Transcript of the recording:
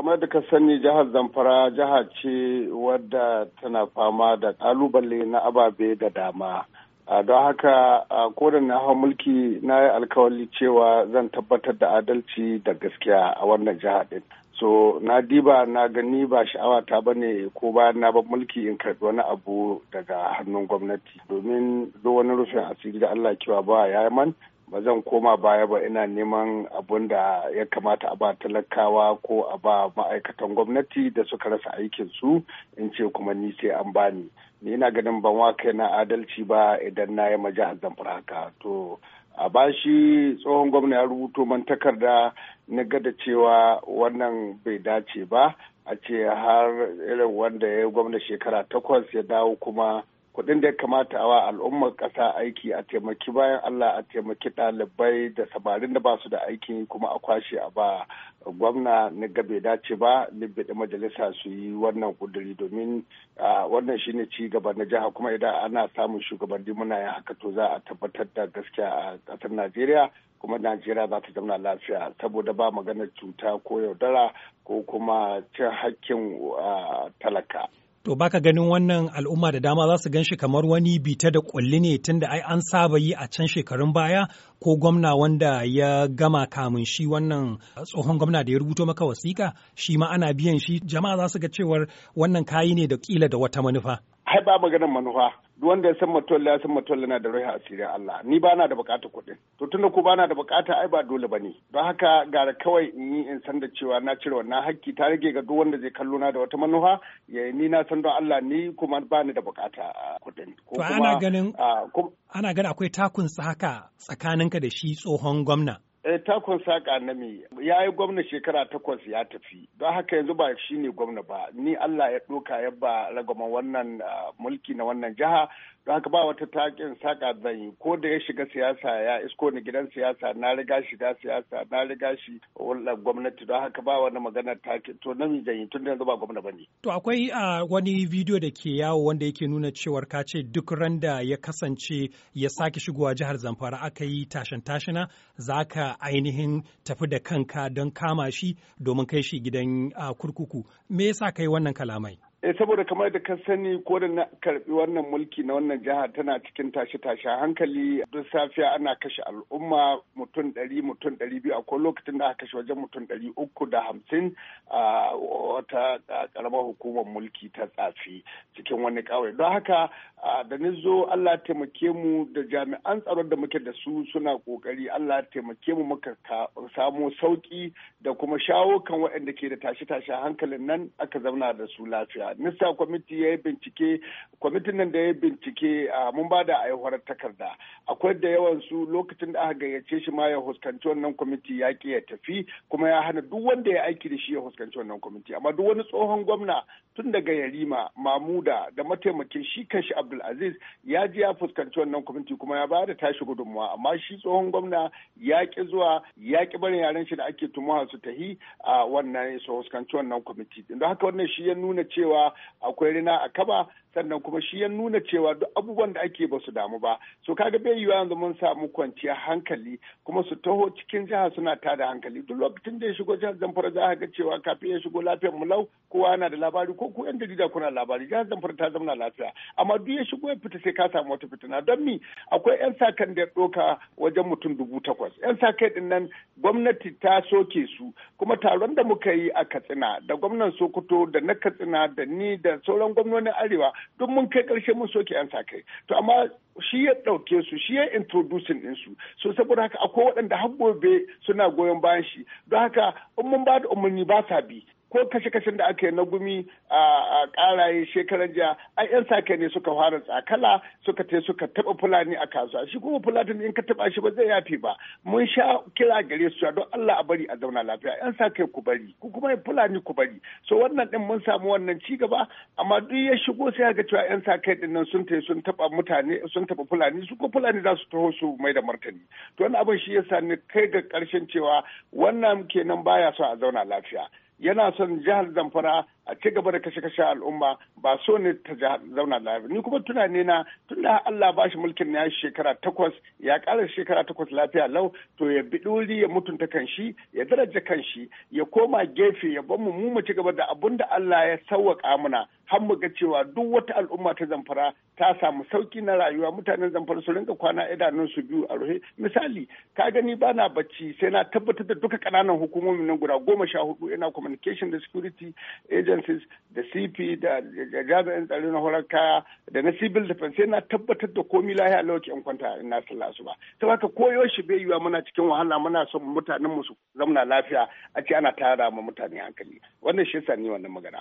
kamar da ka sani jihar zamfara jiha ce wadda tana fama da kalubale na ababe da dama don haka ko da na hau mulki na yi alkawali cewa zan tabbatar da adalci da gaskiya a wannan jiha din so na diba na gani ba sha'awa ta bane ko ba na ba mulki in karbi wani abu daga hannun gwamnati domin duk wani rufin asiri da Allah kiwa ba ya man ba zan koma baya ba ina neman abun da ya kamata a ba talakawa ko a ba ma'aikatan gwamnati da suka rasa aikinsu in ce kuma ni sai an bani ni ina ganin ban wa na adalci ba idan na yi ma jihar zamfara haka to a ba shi tsohon gwamna ya rubuto man takarda na gada cewa wannan bai dace ba a ce har irin wanda ya yi gwamna shekara takwas ya dawo kuma kuɗin da ya kamata a wa al'ummar kasa aiki a taimaki bayan Allah a taimaki ɗalibai da sabarin da basu da aiki kuma a kwashe a ba gwamna na gabe dace ba libbiɗi majalisa su yi wannan kuduri domin wannan shine ci gaba na jiha kuma idan ana samun shugabanni muna yin haka to za a tabbatar da gaskiya a ƙasar Najeriya kuma najeriya za ta zauna lafiya saboda ba magana cuta ko yaudara ko kuma cin hakkin talaka To baka ganin wannan al'umma da dama za su gan shi kamar wani bita da ƙulli ne tunda ai an saba yi a can shekarun baya ko gwamna wanda ya gama kamun shi wannan uh, tsohon gwamna da ya rubuto maka wasiƙa shi ma ana biyan shi jama'a za su ga cewar wannan kayi ne da kila da wata manufa. Ai ba maganar manufa duk wanda ya san matolla ya san matolla na da a asirin Allah ni ba na da bukata kuɗin to tunda ko ba na da bukata ai ba dole bane don haka gara kawai in yi in san da cewa na cire wannan hakki ta rage ga duk wanda zai kallo na da wata manufa ya ni na san don Allah ni kuma ba ni da bukata ko to ana ganin ana ganin akwai takun tsaka tsakaninka da shi tsohon gwamna Eh, takon saƙa na me ya yi gwamna shekara takwas ya tafi don haka yanzu ba shi ne gwamna ba ni Allah ya ɗoka ya ba ragaman wannan ah, mulki na wannan jiha don haka ba wata takin saƙa zan yi ko da ya shiga siyasa ya isko ni gidan siyasa na riga shiga siyasa na riga shi wannan gwamnati don haka ba wani magana takin to na zan yi tun yanzu ba gwamna ba ne. To akwai ah, wani bidiyo da ke yawo wanda yake nuna cewar ka ce duk randa ya kasance ya sake shigowa jihar Zamfara aka yi tashin tashina za ka ainihin tafi da kanka don kama shi domin kai shi gidan ah, kurkuku me yasa kai wannan kalamai Eh saboda kamar da ka sani ko da na karbi wannan mulki na wannan jiha tana cikin tashi tashi hankali duk safiya ana kashe al'umma mutum ɗari mutum ɗari biyu akwai lokacin da aka kashe wajen mutum ɗari uku da hamsin a wata karamar hukumar mulki ta tsafi cikin wani kawai don haka da ni zo Allah taimake mu da jami'an tsaron da muke da su suna kokari Allah taimake mu muka samu sauki da kuma shawo kan waɗanda ke da tashi tashi hankalin nan aka zauna da su lafiya mista kwamiti ya yi bincike kwamitin nan da ya yi bincike ah, mun ba da aihuwar takarda akwai da yawan su lokacin da aka gayyace shi ma ya huskanci wannan kwamiti ya ki ya tafi kuma ya hana duk wanda ya aiki da shi ya huskanci wannan kwamiti amma duk wani tsohon gwamna tun daga yarima mamuda da mataimakin shi abdul abdulaziz ya ji ya fuskanci wannan kwamiti kuma ya bada tashi gudunmawa amma shi tsohon gwamna ya ki zuwa ya ki barin yaren shi da ake tumuwa su tahi a wannan su huskanci wannan kwamiti don haka wannan shi ya nuna cewa akwai rina a kaba sannan kuma shi ya nuna cewa duk abubuwan da ake ba su damu ba so kaga bai yiwuwa yanzu mun samu kwanciyar hankali kuma su taho cikin jiha suna ta da hankali duk lokacin da ya shigo jihar zamfara za a ga cewa kafin ya shigo lafiyar mu lau kowa yana da labari ko ko yan jarida kuna labari jihar zamfara ta zauna lafiya amma duk ya shigo ya fita sai ka samu wata fitina don mi akwai yan kan da ya ɗoka wajen mutum dubu takwas yan kai din nan gwamnati ta soke su kuma taron da muka yi a katsina da gwamnan sokoto da na katsina da ni da sauran gwamnonin arewa duk mun kai ƙarshe mun soke yan kai to amma shi ya ɗauke su shi ya introducing ɗinsu so saboda haka akwai waɗanda har gobe suna goyon bayan shi don haka in mun ba da umarni ba sa bi ko kashe-kashen da aka yi na gumi a karaye shekaran jiya ai yan sake ne suka fara tsakala suka te suka taba fulani a kasuwa shi kuma fulatin in ka taba shi ba zai yafi ba mun sha kira gare su don Allah a bari a zauna lafiya yan sake ku bari ku kuma fulani ku bari so wannan din mun samu wannan ci gaba amma duk ya shigo sai ga cewa yan sake din nan sun te sun taba mutane sun taba fulani su ko fulani za su taho su mai da martani to wannan abin shi yasa ne kai ga karshen cewa wannan kenan baya so a zauna lafiya yana son jihar zamfara a ci gaba da kashe kashe al'umma ba so ne ta zauna lafiya ni kuma tunani na tun da Allah ba shi mulkin na ya shekara takwas ya kara shekara takwas lafiya lau to ya bi duri ya mutunta kanshi ya daraja kanshi ya koma gefe ya ban mu mu ci gaba da abun da Allah ya sawwaka mana har mu ga cewa duk wata al'umma ta zamfara ta samu sauki na rayuwa mutanen zamfara su rinka kwana idanun su biyu a ruhe misali ka gani ba na bacci sai na tabbatar da duka kananan hukumomin nan guda goma sha hudu ina communication da security agencies da cp da jami'an tsaro na horar kaya da na civil defense sai na tabbatar da komi lahiya lauki in kwanta ina sallah su ba ta baka koyo shi bai yiwa muna cikin wahala muna son mutanen mu su zauna lafiya a ce ana tara ma mutane hankali wannan shi sani ni wannan magana